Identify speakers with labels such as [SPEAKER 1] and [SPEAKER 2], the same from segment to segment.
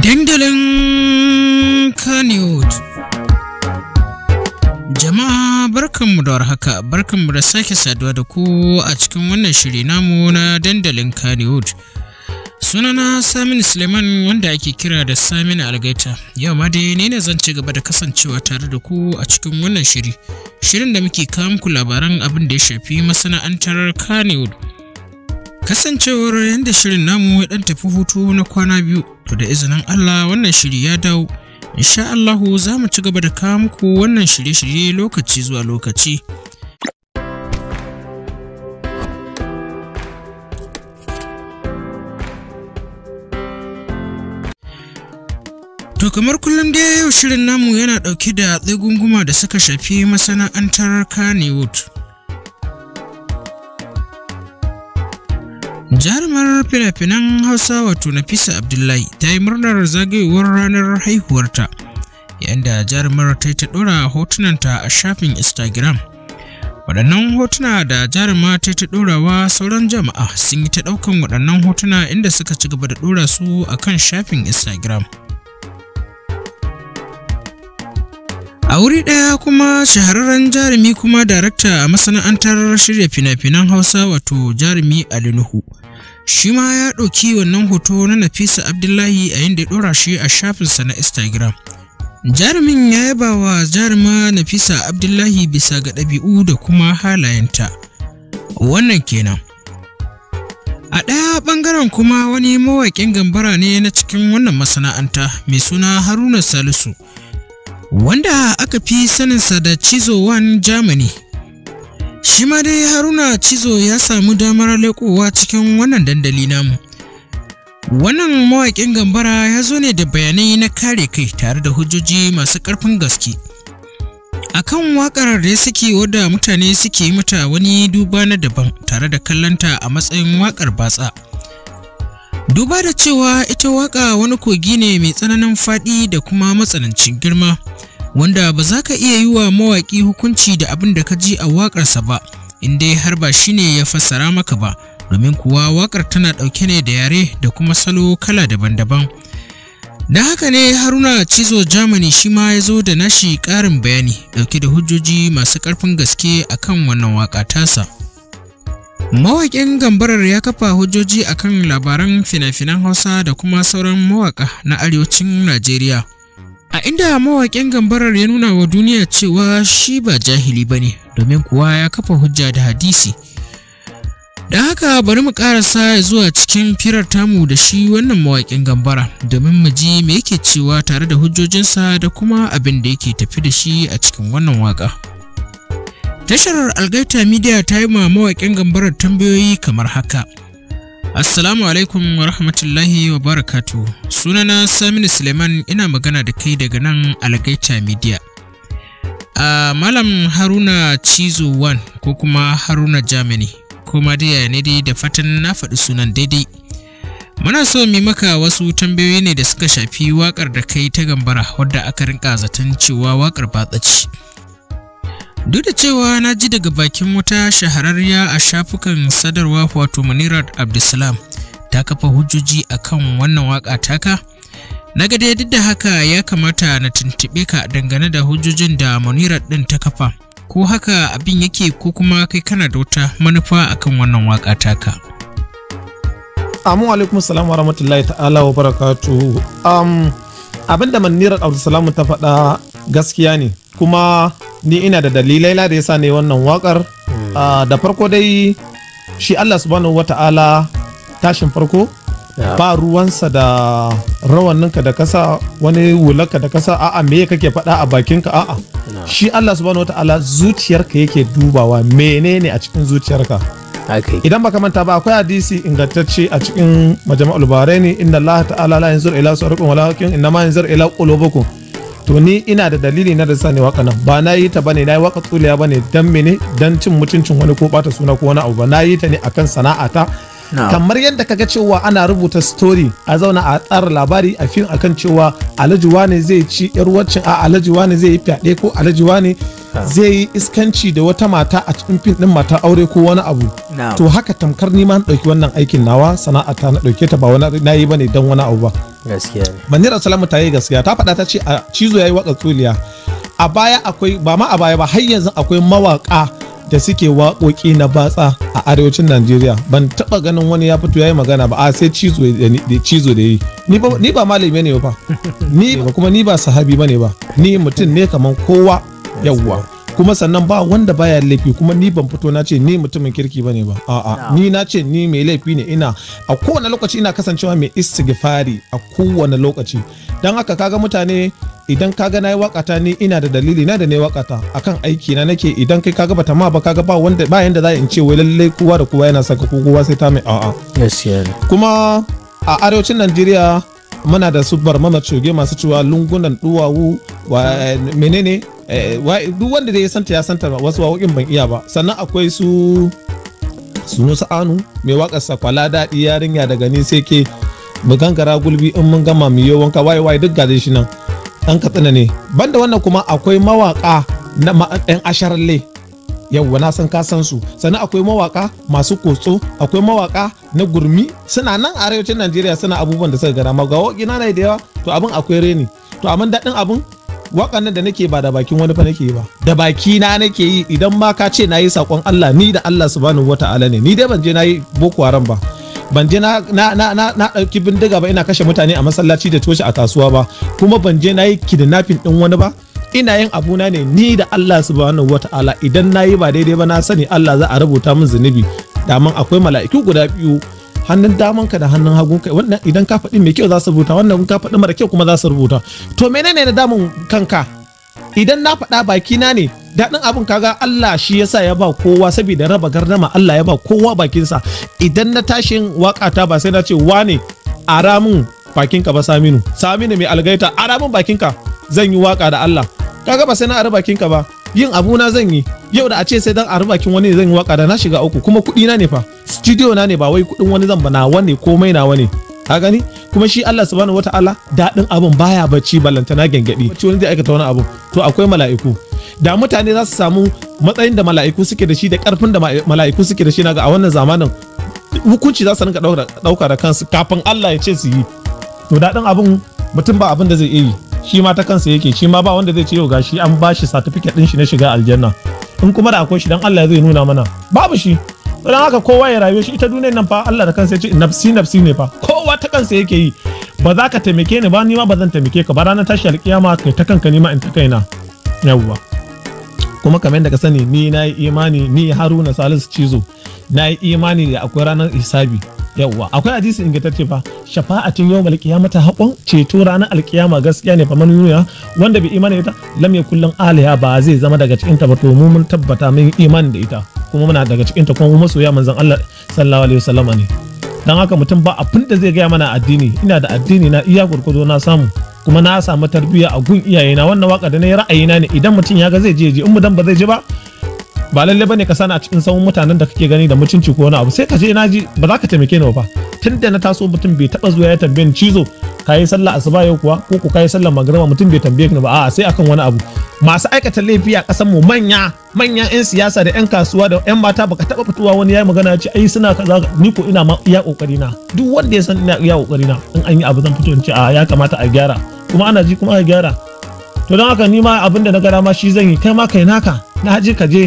[SPEAKER 1] Dandalin Kannywood Jama'a barkanmu da warhaka barkanmu da sake saduwa da ku a cikin wannan shiri namu na dandalin Kannywood. sunana Saminu Suleiman wanda ake kira da Saminu Algaita yau ma dai ne ne zan ci gaba da kasancewa tare da ku a cikin wannan shiri shirin da muke kawo muku labaran abin da ya shafi masana'antar kanewood kasancewar yadda shirin namu ya dan tafi hutu na kwana biyu to da izinin Allah wannan shiri ya dawo insha Allahu za mu ci gaba da kawo muku wannan shirye-shirye lokaci zuwa lokaci To kamar kullum dai yau shirin namu yana ɗauke da tsegunguma da suka shafi masana'antar Kannywood. Jarumar fina-finan Hausa wato Nafisa Abdullahi ta yi murnar zagayowar ranar haihuwarta, yadda jarumar ta yi ta ɗora hotunanta a shafin Instagram. Waɗannan hotuna da jaruma ta yi ta ɗorawa sauran jama'a sun yi ta ɗaukan waɗannan hotuna inda suka ci gaba da ɗora su a kan shafin Instagram. a wuri ɗaya kuma shahararren jarumi kuma darakta a masana'antar shirya fina-finan hausa wato jarumi ali nuhu shi ma ya ɗauki wannan hoto na nafisa abdullahi a yadda ya ɗora shi a shafinsa na instagram jarumin ya yaba wa jaruma nafisa abdullahi bisa ga ɗabi'u da kuma halayenta wannan kenan a ɗaya ɓangaren kuma wani mawaƙin gambara ne na cikin wannan masana'anta mai suna haruna salisu wanda aka fi saninsa da cizowan Germany. Shi ma dai Haruna chizo ya samu damar leƙowa cikin wannan dandali namu. Wannan mawaƙin gambara ya zo ne da bayanai na kare kai tare da hujjoji masu ƙarfin gaske. A kan waƙar da ya suke wadda mutane suke mata wani duba na daban tare da kallonta a matsayin waƙar batsa. duba da cewa ita waƙa wani kogi ne mai tsananin faɗi da kuma matsanancin girma wanda ba za ka iya yi wa mawaƙi hukunci da abin da ka ji a waƙarsa ba in dai har ba shi ne ya fassara maka ba domin kuwa waƙar tana ɗauke ne da yare da kuma salo kala daban-daban da haka ne haruna cizo germany shi ma ya zo da nashi ƙarin bayani ɗauke da hujjoji masu ƙarfin gaske akan wannan waƙa tasa Mawaƙin gambarar ya kafa hujjoji akan labaran fina-finan Hausa da kuma sauran mawaka na arewacin Najeriya. A inda mawakin gambarar ya nuna wa duniya cewa shi ba jahili ba ne, domin kuwa ya kafa hujja da hadisi. Da haka bari mu karasa zuwa cikin firar tamu da shi wannan mawakin gambara domin mu ji me yake cewa tare da hujjojinsa da kuma abin da yake tafi da shi a cikin wannan waka Tashar Algaita Media ta yi ma mawaƙin gambarar tambayoyi kamar haka. Assalamu alaikum wa rahmatullahi wa barakatu. Sunana Saminu Suleiman ina magana da kai daga nan Algaita Media. A Malam Haruna Cizo 1 ko kuma Haruna Germany, ko ma dai ne dai da fatan na faɗi sunan daidai. Muna so mu maka wasu tambayoyi ne da suka shafi waƙar da kai ta gambara wadda aka rinka zaton cewa waƙar batsa ce. Duk da cewa na ji daga bakin wata shahararriya a shafukan sadarwa wato Munirat Abdulsalam ta kafa hujjoji akan wannan waka taka, na ga dai duk da haka ya kamata na tuntuɓe ka dangane da hujjojin da Munirat ɗin ta kafa. Ko haka abin yake ko kuma kai kana da wata manufa akan wannan waka taka.
[SPEAKER 2] Amu alaikum salam wa rahmatullahi ta'ala wa barakatu Um, abinda da ta faɗa gaskiya ne kuma ni ina da dalilai na da sa ne wannan wakar hmm. ah, da farko dai shi Allah subhanahu wata'ala tashin farko ba ruwansa da rawaninka da kasa wani wulaka da kasa a'a me kake faɗa a bakinka a'a shi Allah subhanahu wata'ala zuciyarka yake dubawa menene a cikin zuciyarka idan baka manta ba akwai hadisi ingantacce a cikin majama'ul barani inda Allah ta'ala la yanzur ila surakum walakin inna ma yanzur ila qulubikum to ni ina da dalili na da sani waka nan ba na yi ta bane na yi waka tsuliya bane dan mene dan cin mutuncin wani ko bata suna ko wani abu ba na yi ta ne akan sana'ata kamar yadda kaga cewa ana rubuta story a zauna a tsara labari a fim akan cewa alhaji wane zai ci yar wacce a alhaji wane zai yi fyaɗe ko alhaji wane zai yi iskanci da wata mata a cikin fim din mata aure ko wani abu to haka tamkar ni ma na ɗauki wannan aikin nawa sana'ata na ɗauke ta ba wani na yi bane dan wani abu ba gaskiya ne manira salamu ta yi gaskiya ta faɗa ta ce a cizo yayi waka tsuliya a baya akwai ba ma a baya ba har yanzu akwai mawaƙa da suke waƙoƙi na batsa a arewacin Najeriya ban taɓa ganin wani ya fito ya yi magana ba a sai cizo da yi ni ba malami ne ba ni kuma ni ba sahabi ba ne ba ni mutum ne kamar kowa yawwa kuma sannan ba wanda baya laifi kuma ni ban fito na ce ni mutumin kirki bane ba a'a ni na ce ni mai laifi ne ina a kowane lokaci ina kasancewa mai istighfari a kowane lokaci dan haka kaga mutane idan kaga nayi wakata ni ina da dalili na da ne wakata akan aiki na nake idan kai kaga bata ma ba kaga ba wanda ba yanda za in ce wai lallai kowa da kowa yana saka ko kowa sai ta mai a'a kuma a arewacin Najeriya muna da Subar barmama coge masu cewa lungunan duwawu menene Eh, duk wanda da ya santa ya santa wasu waƙoƙin ban iya ba sannan akwai su sunu sa'anu mai waƙar sakwala daɗi yarinya daga ni sai ke mu gangara gulbi in mun gama mu yi wanka waye waye duk gaje shi nan ɗan katsina ne banda wannan kuma akwai mawaƙa na ɗan asharalle yawwa na san ka san su sannan akwai mawaka masu kotso akwai mawaka na gurmi suna nan arewacin najeriya suna abubuwan da suka gara ma ga na da yawa to abin akwai reni to amma daɗin abin waƙan nan da nake ba da bakin wani fa nake ba da baki na nake yi idan ma ka ce nayi sakon Allah ni da Allah subhanahu wata'ala ne ni dai ban je na boko haram ba ban je na ɗauki bindiga ba ina kashe mutane a masallaci da toshe a kasuwa ba kuma ban je na kidnapping ɗin wani ba ina yin abuna ne ni da Allah subhanahu wata'ala idan nayi ba daidai ba na sani Allah za a rubuta min zunubi daman akwai mala'iku guda biyu hannun daman ka da hannun hagunka wannan idan ka faɗi mai kyau za su rubuta wannan ka faɗi mara kyau kuma za su rubuta to menene na damun kanka idan na faɗa bakina ne daɗin abin kaga Allah shi yasa ya ba kowa saboda raba gardama Allah ya ba kowa bakinsa idan na tashin waƙata ba sai na ce wane ara min bakinka ba saminu saminu mai algaita ara min bakinka zan yi waka da Allah kaga ba sai na ara bakinka ba yin abuna zan yi yau da a ce sai dan a rubakin wani zan yi waka da na shiga uku kuma kudi na ne fa studio na ne ba wai kudin wani zan ba na wani komai na wani. ka gani kuma shi Allah subhanahu wataala daɗin abun baya bacci ballantana gengedi to wani zai aikata wani abu to akwai mala'iku da mutane za su samu matsayin da mala'iku suke da shi da karfin da mala'iku suke da shi naga a wannan zamanin hukunci za su rinka ɗauka da kansu kafin Allah ya ce su yi to daɗin abun mutum ba abin da zai iya yi shi ma ta kansa yake shi ma ba wanda zai ce yau gashi an ba shi certificate din shi na shiga aljanna in kuma da akwai shi dan Allah zai nuna mana babu shi dan haka kowa ya rayu shi ita duniyar nan fa Allah da kansa ya ce nafsi nafsi ne fa kowa ta kansa yake yi ba za ka taimake ni ba ni ma ba zan taimake ka ba ranar tashi alkiyama kai ta kanka ni ma in ta kaina yawwa kuma kamar yadda ka sani ni nayi imani ni haruna salisu cizo nayi imani da akwai ranar hisabi yawwa akwai hadisi ingantacce fa shafa'atin yawmal ta haƙon? ceto ranar alkiyama gaskiya ne fa man wanda bai imani ita lam kullum aliha ba zai zama daga cikin ta ba to mun tabbata mun imani da ita kuma muna daga cikin ta kuma mu masoya manzon Allah sallallahu alaihi wasallama ne dan haka mutum ba abin da zai gaya mana addini ina da addini na iya gurgudo na samu kuma na samu tarbiyya a gun iyayena wannan waka da na yi ra'ayina ne idan mutum ya ga zai je in mu ba zai je ba ba lalle bane ka sani a cikin sauran mutanen da kake gani da mutunci ko wani abu sai ka je na ji ba za ka taimake ni ba da na taso mutum bai taba zuwa ya tambaye ni cizo Ka yi sallah asuba yau kuwa ko ku kai sallah magriba mutum bai tambaye ni ba a'a sai akan wani abu masu aikata laifi a kasar mu manya manyan yan siyasa da yan kasuwa da yan mata baka taba fitowa wani yayi magana ya ce ai suna kaza ni ko ina ma iya kokari na duk wanda ya san ina iya kokari na in an yi abu zan fito in ce a ya kamata a gyara kuma ana ji kuma a gyara to don haka ni ma abin da na gara ma shi zan yi kai ma kai naka na ji ka je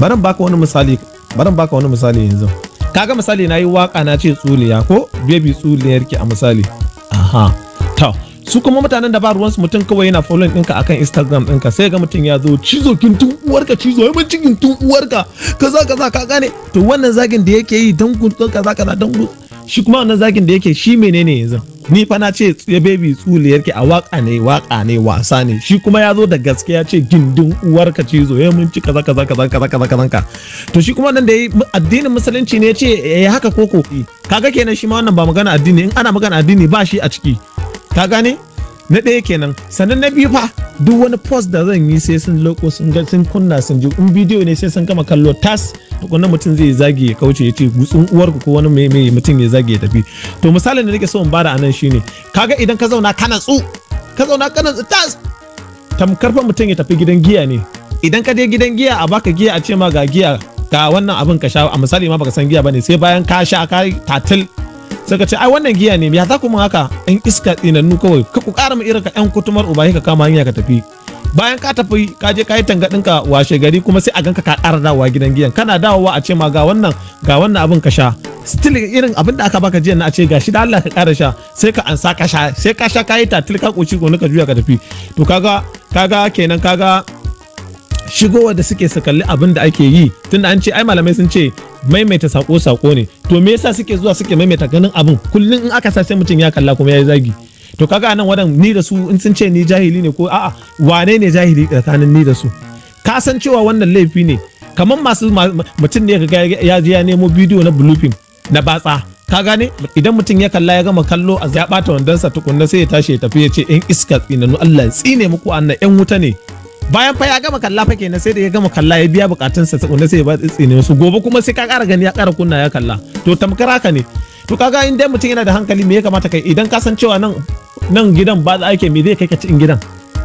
[SPEAKER 2] barin baka wani misali barin baka wani misali yanzu kaga misali na yi waka na ce tsuliya ko baby tsuliyar ki a misali aha to su kuma mutanen da ba ruwansu mutum kawai yana following ɗinka akan instagram ɗinka sai ga mutum ya zo cizo kin tun uwarka cizo ya cikin tun uwarka kaza kaza ka gane to wannan zagin da yake yi dan kaza kaza dangun? shi kuma wannan zakin da yake shi menene yanzu ni fa na ce ya baby tsuliyar ke a waka ne waka ne wasa ne shi kuma ya zo da gaske ya ce gindin uwarka ce zo ya eh, mun ci kaza kaza kaza kaza kaza kaza to shi kuma nan da addinin musulunci ne ya ce ya eh, haka koko kaga kenan shi ma wannan ba magana addini in ana magana addini ba shi a ciki ka gane na ɗaya kenan sannan na biyu fa duk wani post da zan yi sai sun loko sun ga sun kunna sun ji in bidiyo ne sai sun gama kallo tas tukunna mutum zai zage ya kauce ya ce gutsun uwar ko wani mai mai mutum ya zage ya tafi to misalin da nake so in bada anan shine kaga idan ka zauna kana tsu ka zauna kana tsu tas tamkar fa mutum ya tafi gidan giya ne idan ka je gidan giya a baka giya a ce ma ga giya ga wannan abin ka sha a misali ma baka san giya bane sai bayan ka sha ka tatil sai ce ai wannan giya ne ya za ku mun haka in iska tsinannu kawai ka ku kara mu irin ka yan kutumar uba ka kama hanya ka tafi bayan ka tafi ka je ka yi tangadin ka washe gari kuma sai a ganka ka kara dawowa gidan giyan kana dawowa a ce ma ga wannan ga wannan abin ka sha still irin abin da aka baka jiya na a ce gashi da Allah ka ƙara sha sai ka ansa ka sha sai ka sha ka yi tatil ka koci gona ka juya ka tafi to kaga kaga kenan kaga shigowa da suke su kalli abin da ake yi tunda an ce ai malamai sun ce maimaita sako sako ne to me yasa suke zuwa suke maimaita ganin abin kullum in aka sa sai mutum ya kalla kuma yayi zagi to kaga nan wadan ni da su in sun ce ni jahili ne ko a'a wane ne jahili tsakanin ni da su ka san cewa wannan laifi ne kamar masu mutum ne ya je ya nemo bidiyo na bluefin na batsa ka gane idan mutum ya kalla ya gama kallo a ya bata wandansa tukunna sai ya tashi ya tafi ya ce yan iska tsinanu Allah ya tsine muku annan yan wuta ne bayan fa ya gama kalla fa kenan sai da ya gama kalla ya biya bukatunsa tsakuna sai ya ba tsitsine su gobe kuma sai ka kara gani ya kara kunna ya kalla to tamkar haka ne to kaga in dai mutum yana da hankali me ya kamata kai idan ka san cewa nan nan gidan ba za ake me zai kai ka cikin gidan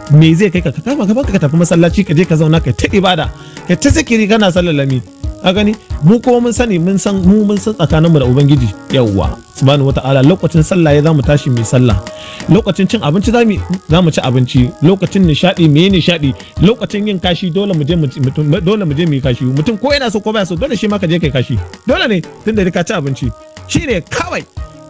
[SPEAKER 2] me zai kai ka ka kama ka tafi masallaci ka je ka zauna kai ta ibada kai ta zikiri kana sallalami a gani mu kuma mun sani mun san mu mun san mu da ubangiji yawwa subhanahu wataala lokacin sallah ya zamu tashi mu sallah lokacin cin abinci zamu zamu ci abinci lokacin nishadi mai nishaɗi. nishadi lokacin yin kashi dole mu je mu dole mu je mu kashi mutum ko yana so ko baya so dole shi ma ka je kai kashi dole ne tunda ka ci abinci shine kawai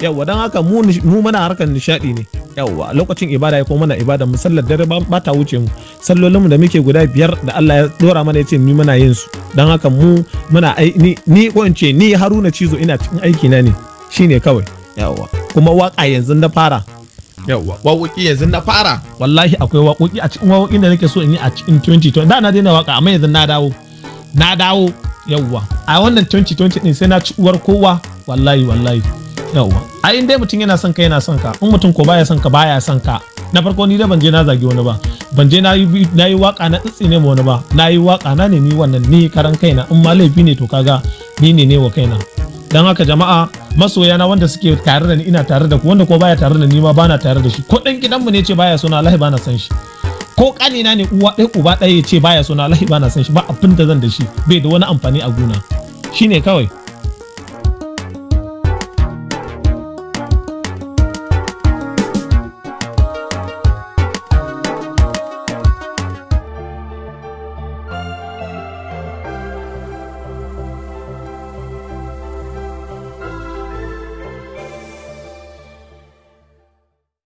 [SPEAKER 2] yawwa don haka mu muna harkar nishaɗi ne yawwa lokacin ibada ya mana ibada musallar dare ba ta wuce mu sallolin mu da muke guda biyar da Allah ya dora mana ya ce mu muna yin su don haka mu muna ni ni ko ce ni Haruna Cizo ina cikin aiki na ne shine kawai yawwa kuma waka yanzu na fara yawwa waƙoƙi yanzu na fara wallahi akwai waƙoƙi a cikin waƙoƙin da nake so in yi a cikin 2020 da na daina waka amma yanzu na dawo na dawo yawwa a wannan 2020 din sai na ci uwar kowa wallahi wallahi A a in dai mutum yana son ka yana son ka in mutum ko baya son ka baya son ka na farko ni da ban je na zagi wani ba ban je na yi waka na ne ma wani ba na yi waka na ne ni wannan ni karan kaina in ma laifi ne to kaga ni ne ne wa kaina dan haka jama'a masoya na wanda suke tare da ni ina tare da ku wanda ko baya tare da ni ma bana tare da shi ko dan mu ne ce baya so na Allah bana san shi ko kanina ne uwa ɗaya uba ɗaya ya ce baya so na Allah bana san shi ba abin da zan da shi bai da wani amfani a gona shine kawai